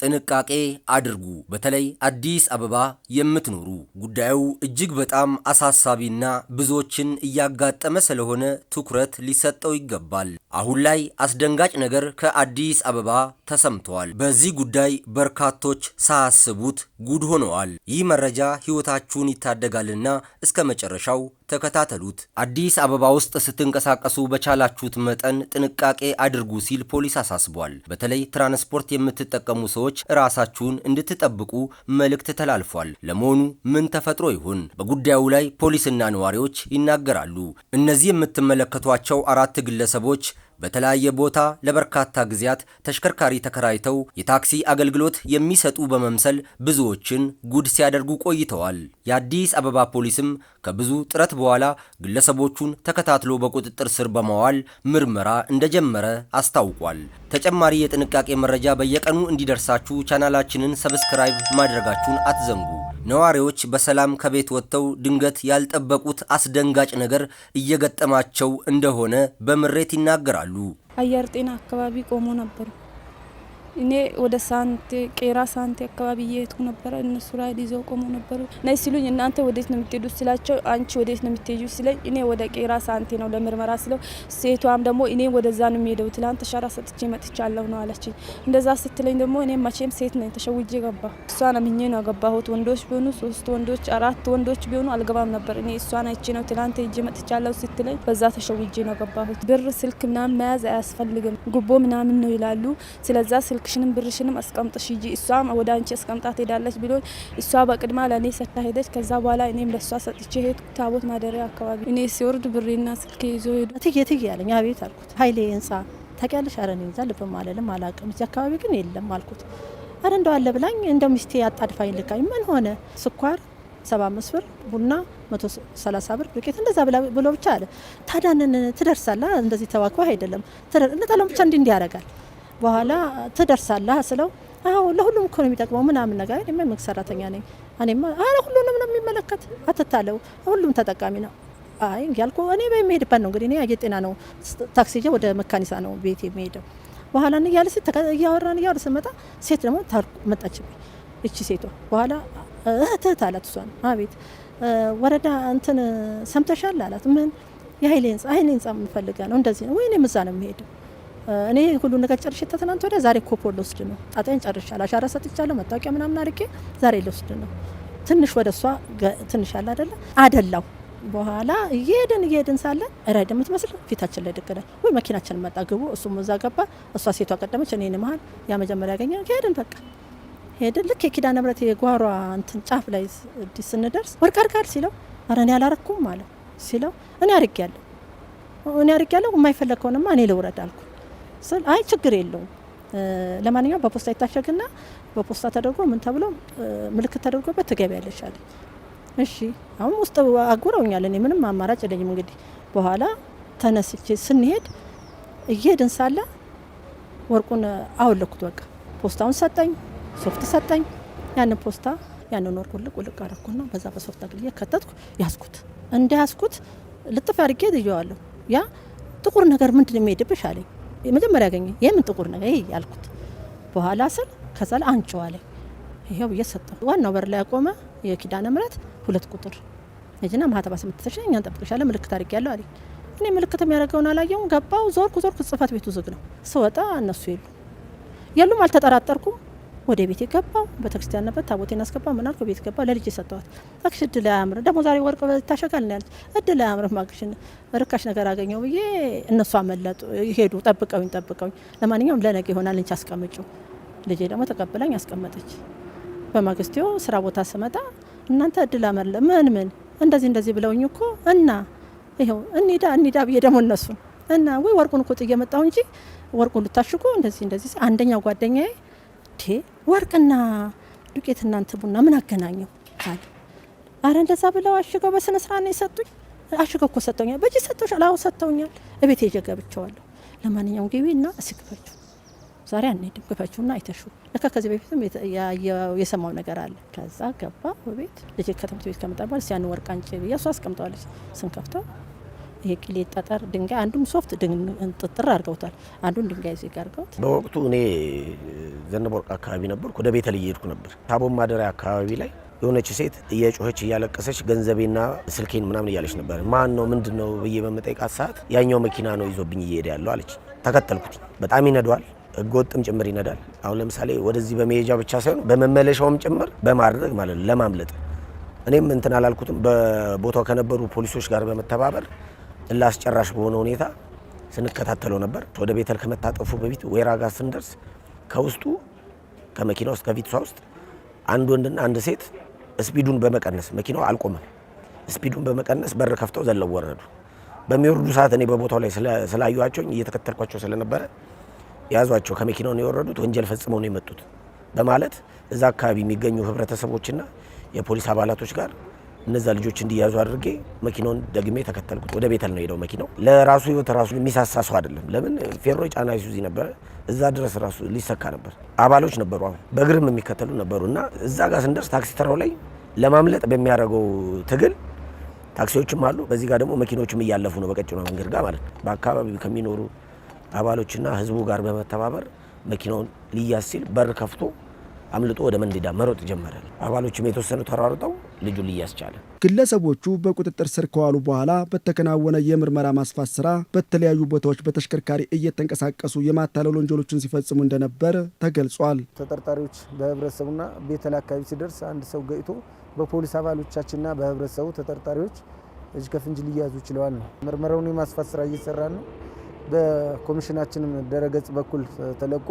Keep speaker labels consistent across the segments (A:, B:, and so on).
A: ጥንቃቄ አድርጉ። በተለይ አዲስ አበባ የምትኖሩ ጉዳዩ እጅግ በጣም አሳሳቢና ብዙዎችን እያጋጠመ ስለሆነ ትኩረት ሊሰጠው ይገባል። አሁን ላይ አስደንጋጭ ነገር ከአዲስ አበባ ተሰምተዋል። በዚህ ጉዳይ በርካቶች ሳያስቡት ጉድ ሆነዋል። ይህ መረጃ ሕይወታችሁን ይታደጋልና እስከ መጨረሻው ተከታተሉት። አዲስ አበባ ውስጥ ስትንቀሳቀሱ በቻላችሁት መጠን ጥንቃቄ አድርጉ ሲል ፖሊስ አሳስቧል። በተለይ ትራንስፖርት የምትጠቀሙ ሰዎች ሰዎች ራሳችሁን እንድትጠብቁ መልእክት ተላልፏል። ለመሆኑ ምን ተፈጥሮ ይሆን? በጉዳዩ ላይ ፖሊስና ነዋሪዎች ይናገራሉ። እነዚህ የምትመለከቷቸው አራት ግለሰቦች በተለያየ ቦታ ለበርካታ ጊዜያት ተሽከርካሪ ተከራይተው የታክሲ አገልግሎት የሚሰጡ በመምሰል ብዙዎችን ጉድ ሲያደርጉ ቆይተዋል። የአዲስ አበባ ፖሊስም ከብዙ ጥረት በኋላ ግለሰቦቹን ተከታትሎ በቁጥጥር ስር በማዋል ምርመራ እንደጀመረ አስታውቋል። ተጨማሪ የጥንቃቄ መረጃ በየቀኑ እንዲደርሳችሁ ቻናላችንን ሰብስክራይብ ማድረጋችሁን አትዘንጉ። ነዋሪዎች በሰላም ከቤት ወጥተው ድንገት ያልጠበቁት አስደንጋጭ ነገር እየገጠማቸው እንደሆነ በምሬት ይናገራል። ይገኛሉ።
B: አየር ጤና አካባቢ ቆሞ ነበር። እኔ ወደ ሳንቴ ቄራ ሳንቴ አካባቢ እየሄድኩ ነበረ። እነሱ ራይድ ይዘው ቆሙ ነበሩ። ነይ ሲሉኝ እናንተ ወዴት ነው የምትሄዱ ስላቸው አንቺ ወዴት ነው የምትሄዱ ሲለኝ እኔ ወደ ቄራ ሳንቴ ነው ለምርመራ ስለው፣ ሴቷም ደግሞ እኔ ወደዛ ነው የሚሄደው ትላንት ተሻራ ሰጥቼ መጥቻለሁ ነው አለችኝ። እንደዛ ስትለኝ ደግሞ እኔ መቼም ሴት ነኝ ተሸውጄ ገባ። እሷን አምኜ ነው ያገባሁት። ወንዶች ቢሆኑ ሶስት ወንዶች አራት ወንዶች ቢሆኑ አልገባም ነበር። እኔ እሷን አይቼ ነው ትላንት ሄጄ መጥቻለሁ ስትለኝ፣ በዛ ተሸውጄ ነው ያገባሁት። ብር ስልክ ምናምን መያዝ አያስፈልግም ጉቦ ምናምን ነው ይላሉ። ስለዛ ስልክ እባክሽንም ብርሽንም አስቀምጥሽ ሂጂ፣ እሷም ወደ አንቺ አስቀምጣ ትሄዳለች ብሎ እሷ በቅድማ ለእኔ ሰታ ሄደች። ከዛ በኋላ እኔም ለእሷ ሰጥቼ ሄድ ታቦት ማደሪያ አካባቢ እኔ ሲወርድ ብሬና ስልክ ይዞ ሄዱ። ትዬ ትዬ ያለኝ አቤት አልኩት። ሀይሌ ህንጻ ታውቂያለሽ? ኧረ እኔ እንጃ ልብም አለልም አላውቅም። እዚህ አካባቢ ግን የለም አልኩት። አረ እንደው አለ ብላኝ እንደ ሚስቴ አጣድፋኝ ልካኝ ምን ሆነ ስኳር ሰባ አምስት ብር ቡና መቶ ሰላሳ ብር ዱቄት እንደዛ ብሎ ብቻ አለ። ታዳንን ትደርሳላ እንደዚህ ተዋክባ አይደለም እንጣለም ብቻ እንዲ እንዲ ያደርጋል በኋላ ትደርሳለህ ስለው አዎ ለሁሉም እኮ ነው የሚጠቅመው ምናምን ነገር እኔ መንግስት ሰራተኛ ነኝ እኔማ አረ ሁሉንም ነው የሚመለከት አትታለው ሁሉም ተጠቃሚ ነው አይ ያልኩ እኔ በሚሄድበት ነው እንግዲህ እኔ አየር ጤና ነው ታክሲ ጀ ወደ መካኒሳ ነው ቤት የሚሄደው በኋላ ነው ያለ ሴት እያወራን እያወራን ስመጣ ሴት ደግሞ ታርቁ መጣችብኝ እቺ ሴቷ በኋላ እህትህት አላት እሷን አቤት ወረዳ እንትን ሰምተሻል አላት ምን የሀይሌ ህንጻ ሀይሌ ህንጻ የምፈልጋ ነው እንደዚህ ነው ወይ ወይኔ ምዛ ነው የሚሄደው እኔ ሁሉ ነገር ጨርሼ ተትናንት ወዲያ ዛሬ ኮፖ ልወስድ ነው። ጣጣዬን ጨርሻለሁ፣ አሻራ ሰጥቻለሁ፣ መታወቂያ ምናምን አድርጌ ዛሬ ልወስድ ነው። ትንሽ ወደ እሷ ትንሽ አለ አይደለ አደላው በኋላ እየሄድን እየሄድን ሳለ ራይድ የምትመስል ፊታችን ላይ ደገናል። ወይ መኪናችን መጣ፣ ግቡ። እሱም እዛ ገባ፣ እሷ ሴቷ ቀደመች፣ እኔን መሀል ያ መጀመሪያ ያገኘ ሄድን። በቃ ሄድን። ልክ የኪዳነ ምሕረት የጓሯ እንትን ጫፍ ላይ ስንደርስ ወርቅ አድርጋል ሲለው፣ ኧረ እኔ አላረኩም አለው ሲለው፣ እኔ አርግ ያለሁ እኔ አርግ ያለሁ የማይፈለግ ከሆነማ እኔ ልውረድ አልኩ። ስል አይ ችግር የለውም ለማንኛውም በፖስታ ይታሸግና በፖስታ ተደርጎ ምን ተብሎ ምልክት ተደርጎበት ትገቢያለሽ አለ። እሺ አሁን ውስጥ አጉረውኛል። እኔ ምንም አማራጭ የለኝም። እንግዲህ በኋላ ተነስቼ ስንሄድ እየሄድን ሳለ ወርቁን አወለኩት። በቃ ፖስታውን ሰጠኝ፣ ሶፍት ሰጠኝ። ያንን ፖስታ ያንን ወርቁ ልቅ ልቅ አረኩና በዛ በሶፍት አግልዬ ከተትኩ፣ ያዝኩት። እንደ ያዝኩት ልጥፍ አድርጌ ትየዋለሁ። ያ ጥቁር ነገር ምንድን የሚሄድብሽ አለኝ። የመጀመሪያ ያገኘ የምን ጥቁር ነገር ይሄ ያልኩት በኋላ ስል ከዛ ላይ አንቺው አለኝ። ይሄው እየሰጠው ዋናው በር ላይ ያቆመ የኪዳነ ምሕረት ሁለት ቁጥር እጅና ማህተባ ስምትተሽ እኛን ጠብቅሻለሁ ምልክት አድርግ ያለው አለኝ። እኔ ምልክት የሚያደርገውን አላየውም። ገባው ዞርኩ ዞርኩ፣ ጽህፈት ቤቱ ዝግ ነው። ስወጣ እነሱ የሉ የሉም። አልተጠራጠርኩም ወደ ቤት የገባ ቤተክርስቲያን ነበር። ታቦቴን አስገባ ምናልኩ ቤት ገባ ለልጅ ሰጥተዋት እባክሽ እድል አያምርም ደግሞ ዛሬ ወርቅ ይታሸጋል ነው ያለች። እድል አያምርም እባክሽ ርካሽ ነገር አገኘው ብዬ እነሱ አመለጡ ሄዱ። ጠብቀውኝ ጠብቀውኝ ለማንኛውም ለነገ ይሆናል እንቺ አስቀምጩ። ልጄ ደግሞ ተቀብላኝ አስቀመጠች። በማግስቱ ስራ ቦታ ስመጣ እናንተ እድል አመለ ምን ምን እንደዚህ እንደዚህ ብለውኝ እኮ እና ይኸው እኒዳ እኒዳ ብዬ ደግሞ እነሱ እና ወይ ወርቁን እኮ ጥዬ መጣሁ እንጂ ወርቁን ልታሽጉ
C: እንደዚህ እንደዚህ አንደኛው ጓደኛዬ ዴ ወርቅና ዱቄት እናንተ ቡና ምን አገናኘው አለ። አረ እንደዛ ብለው አሽገው በስነ ስርዓት ነው የሰጡኝ። አሽገው እኮ ሰጥተውኛል። በእጅ ሰጥተውሻል? አዎ ሰጥተውኛል። እቤት ሄጄ ገብቼዋለሁ። ለማንኛውም ግቢ እና እስክፈችው ዛሬ አንሄድም፣ ክፈችውና አይተሹ ለካ ከዚህ በፊትም የሰማው ነገር አለ። ከዛ ገባ ቤት ልጅ ከትምህርት ቤት ከመጣ በኋላ ሲያን ወርቅ አንጭ ብያ እሷ አስቀምጠዋለች ስንከፍተው የቅሌ ጠጠር ድንጋይ አንዱም ሶፍት ጥጥር አድርገውታል፣ አንዱን ድንጋይ ዜጋ አድርገውት። በወቅቱ እኔ ዘነበ አካባቢ ነበር፣ ወደ ቤተልሔም እየሄድኩ ነበር። ታቦን ማደሪያ አካባቢ ላይ የሆነች ሴት እየጮኸች እያለቀሰች ገንዘቤና ስልኬን ምናምን እያለች ነበር። ማን ነው ምንድን ነው ብዬ በመጠይቃት ሰዓት ያኛው መኪና ነው ይዞብኝ እየሄደ ያለው አለች። ተከተልኩት። በጣም ይነዷል፣ ህገወጥም ጭምር ይነዳል። አሁን ለምሳሌ ወደዚህ በመሄጃ ብቻ ሳይሆን በመመለሻውም ጭምር በማድረግ ማለት ነው ለማምለጥ እኔም እንትን አላልኩትም። በቦታው ከነበሩ ፖሊሶች ጋር በመተባበር እላስጨራሽ በሆነ ሁኔታ ስንከታተለው ነበር። ወደ ቤተል ከመታጠፉ በፊት ወይራ ጋር ስንደርስ ከውስጡ ከመኪና ውስጥ ከፊቷ ውስጥ አንድ ወንድና አንድ ሴት ስፒዱን በመቀነስ መኪናው አልቆመም። ስፒዱን በመቀነስ በር ከፍተው ዘለው ወረዱ። በሚወርዱ ሰዓት እኔ በቦታው ላይ ስላዩዋቸው እየተከተልኳቸው ስለነበረ ያዟቸው፣ ከመኪናው ነው የወረዱት፣ ወንጀል ፈጽመው ነው የመጡት በማለት እዛ አካባቢ የሚገኙ ህብረተሰቦችና የፖሊስ አባላቶች ጋር
A: እነዛ ልጆች እንዲያዙ አድርጌ መኪናውን ደግሜ ተከተልኩት። ወደ ቤተል ነው ሄደው። መኪናው ለራሱ ህይወት ራሱ የሚሳሳ ሰው አይደለም። ለምን ፌሮ ጫና ይሱዚ ነበረ። እዛ ድረስ ራሱ ሊሰካ ነበር። አባሎች
D: ነበሩ፣ በእግርም የሚከተሉ ነበሩ። እና እዛ ጋር ስንደርስ ታክሲ ተራው ላይ ለማምለጥ በሚያደርገው ትግል ታክሲዎችም አሉ፣ በዚህ ጋር ደግሞ መኪኖችም እያለፉ ነው፣ በቀጭኗ መንገድ ጋር ማለት ነው። በአካባቢው ከሚኖሩ አባሎችና ህዝቡ ጋር በመተባበር መኪናውን ሊያዝ ሲል በር ከፍቶ አምልጦ ወደ መንዲዳ መሮጥ ጀመረ። አባሎችም የተወሰኑ ተሯርጠው ልጁ ሊያስቻለ ግለሰቦቹ በቁጥጥር ስር ከዋሉ በኋላ በተከናወነ የምርመራ ማስፋት ስራ በተለያዩ ቦታዎች በተሽከርካሪ እየተንቀሳቀሱ የማታለል ወንጀሎችን ሲፈጽሙ እንደነበር ተገልጿል። ተጠርጣሪዎች በህብረተሰቡና ቤተል አካባቢ ሲደርስ አንድ ሰው ገይቶ በፖሊስ አባሎቻችንና በህብረተሰቡ ተጠርጣሪዎች እጅ ከፍንጅ ሊያዙ ችለዋል ነው። ምርመራውን የማስፋት ስራ እየሰራ ነው። በኮሚሽናችንም ደረገጽ በኩል ተለቆ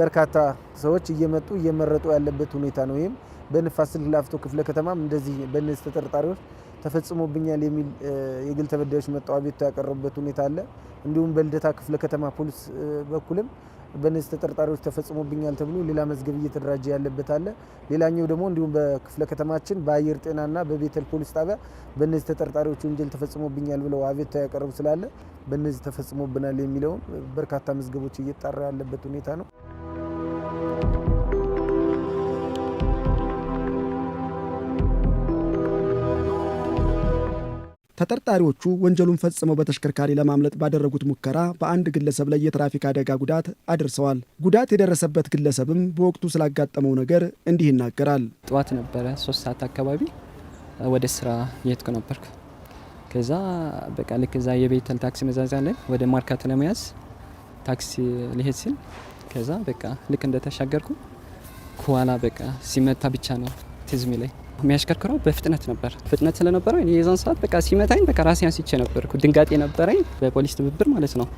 D: በርካታ ሰዎች እየመጡ እየመረጡ ያለበት ሁኔታ ነው። ይህም በንፋስ ስልክ ላፍቶ ክፍለ ከተማም እንደዚህ በእነዚህ ተጠርጣሪዎች ተፈጽሞብኛል የሚል የግል ተበዳዮች መጥተው አቤቱታ ያቀረቡበት ሁኔታ አለ። እንዲሁም በልደታ ክፍለ ከተማ ፖሊስ በኩልም በነዚህ ተጠርጣሪዎች ተፈጽሞብኛል ተብሎ ሌላ መዝገብ እየተደራጀ ያለበት አለ። ሌላኛው ደግሞ እንዲሁም
A: በክፍለ ከተማችን በአየር ጤናና በቤተል ፖሊስ ጣቢያ በእነዚህ ተጠርጣሪዎች ወንጀል ተፈጽሞብኛል ብለው አቤቱታ ያቀረቡ ስላለ በነዚህ ተፈጽሞብናል የሚለውን በርካታ መዝገቦች እየጣራ ያለበት ሁኔታ ነው። ተጠርጣሪዎቹ ወንጀሉን ፈጽመው በተሽከርካሪ ለማምለጥ ባደረጉት ሙከራ በአንድ ግለሰብ ላይ የትራፊክ አደጋ ጉዳት አድርሰዋል። ጉዳት የደረሰበት ግለሰብም በወቅቱ ስላጋጠመው ነገር እንዲህ ይናገራል።
E: ጠዋት ነበረ ሶስት ሰዓት አካባቢ ወደ ስራ የሄድኩ ነበርኩ። ከዛ በቃ ልክ እዛ የቤተል ታክሲ መዛዛ ላይ ወደ ማርካት ለመያዝ ታክሲ ሊሄድ ሲል ከዛ በቃ ልክ እንደተሻገርኩ ከኋላ በቃ ሲመታ ብቻ ነው ትዝሚ ላይ የሚያሽከርክረው በፍጥነት ነበር። ፍጥነት ስለነበረው የዛን ሰዓት በቃ ሲመታኝ በቃ ራሴ አንስቼ ነበርኩ። ድንጋጤ ነበረኝ። በፖሊስ ትብብር ማለት ነው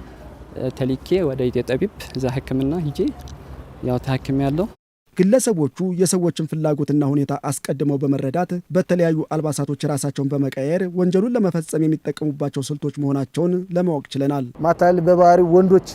E: ተሊኬ ወደ ኢትዮ ጠቢብ እዛ ህክምና ሂጄ ያው ታክም ያለው
A: ግለሰቦቹ የሰዎችን ፍላጎትና ሁኔታ አስቀድመው በመረዳት በተለያዩ አልባሳቶች ራሳቸውን በመቀየር ወንጀሉን ለመፈጸም የሚጠቀሙባቸው ስልቶች መሆናቸውን ለማወቅ ችለናል።
F: ማታል በባህሪ ወንዶች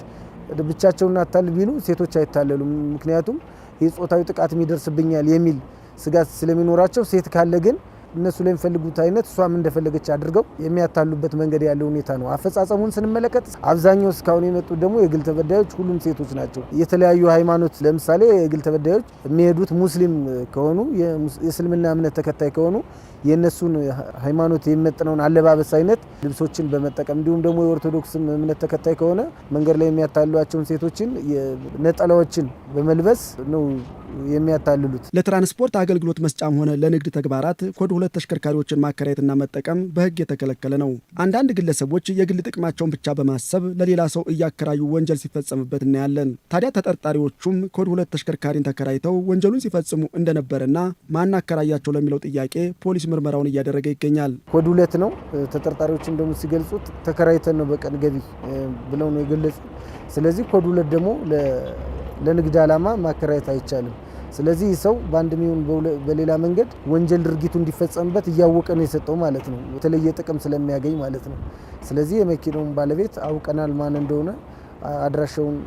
F: ብቻቸውን አታል ቢሉ ሴቶች አይታለሉም። ምክንያቱም የጾታዊ ጥቃት ይደርስብኛል የሚል ስጋት ስለሚኖራቸው ሴት ካለ ግን እነሱ ለሚፈልጉት አይነት እሷም እንደፈለገች አድርገው የሚያታሉበት መንገድ ያለ ሁኔታ ነው። አፈጻጸሙን ስንመለከት አብዛኛው እስካሁን የመጡት ደግሞ የግል ተበዳዮች ሁሉም ሴቶች ናቸው። የተለያዩ ሃይማኖት፣ ለምሳሌ የግል ተበዳዮች የሚሄዱት ሙስሊም ከሆኑ የእስልምና እምነት ተከታይ ከሆኑ የእነሱን ሃይማኖት የሚመጥነውን አለባበስ አይነት ልብሶችን በመጠቀም እንዲሁም ደግሞ የኦርቶዶክስም እምነት ተከታይ ከሆነ መንገድ ላይ የሚያታልሏቸውን ሴቶችን ነጠላዎችን በመልበስ ነው የሚያታልሉት።
A: ለትራንስፖርት አገልግሎት መስጫም ሆነ ለንግድ ተግባራት ኮድ ሁለት ተሽከርካሪዎችን ማከራየትና መጠቀም በህግ የተከለከለ ነው። አንዳንድ ግለሰቦች የግል ጥቅማቸውን ብቻ በማሰብ ለሌላ ሰው እያከራዩ ወንጀል ሲፈጸምበት እናያለን። ታዲያ ተጠርጣሪዎቹም ኮድ ሁለት ተሽከርካሪን ተከራይተው ወንጀሉን ሲፈጽሙ እንደነበረና ማን አከራያቸው ለሚለው ጥያቄ ፖሊስ ምርመራውን እያደረገ ይገኛል።
F: ወደ ሁለት ነው ተጠርጣሪዎች እንደሙ ሲገልጹት ተከራይተን ነው በቀን ገቢ ብለው ነው የገለጹ። ስለዚህ ኮድ ሁለት ደግሞ ለንግድ ዓላማ ማከራየት አይቻልም። ስለዚህ ይህ ሰው በአንድ ይሁን በሌላ መንገድ ወንጀል ድርጊቱ እንዲፈጸምበት እያወቀ ነው የሰጠው ማለት ነው። የተለየ ጥቅም ስለሚያገኝ ማለት ነው። ስለዚህ የመኪናውን ባለቤት አውቀናል፣ ማን እንደሆነ አድራሻውን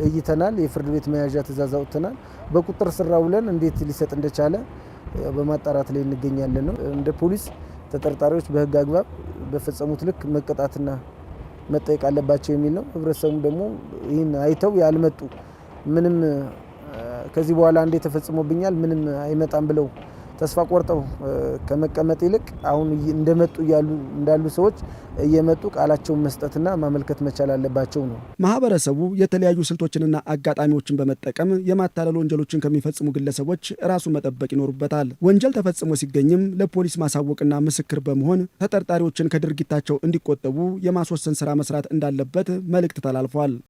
F: ለይተናል፣ የፍርድ ቤት መያዣ ትዕዛዝ አውጥተናል። በቁጥር ስራ ውለን እንዴት ሊሰጥ እንደቻለ በማጣራት ላይ እንገኛለን ነው። እንደ ፖሊስ ተጠርጣሪዎች በህግ አግባብ በፈጸሙት ልክ መቀጣትና መጠየቅ አለባቸው የሚል ነው። ህብረተሰቡ ደግሞ ይህን አይተው ያልመጡ ምንም ከዚህ በኋላ እንዴ ተፈጽሞብኛል ምንም አይመጣም ብለው ተስፋ ቆርጠው ከመቀመጥ ይልቅ አሁን እንደመጡ እንዳሉ ሰዎች እየመጡ ቃላቸውን መስጠትና ማመልከት መቻል አለባቸው ነው።
A: ማህበረሰቡ የተለያዩ ስልቶችንና አጋጣሚዎችን በመጠቀም የማታለል ወንጀሎችን ከሚፈጽሙ ግለሰቦች ራሱ መጠበቅ ይኖሩበታል። ወንጀል ተፈጽሞ ሲገኝም ለፖሊስ ማሳወቅና ምስክር በመሆን ተጠርጣሪዎችን ከድርጊታቸው እንዲቆጠቡ የማስወሰን ስራ መስራት እንዳለበት መልእክት ተላልፏል።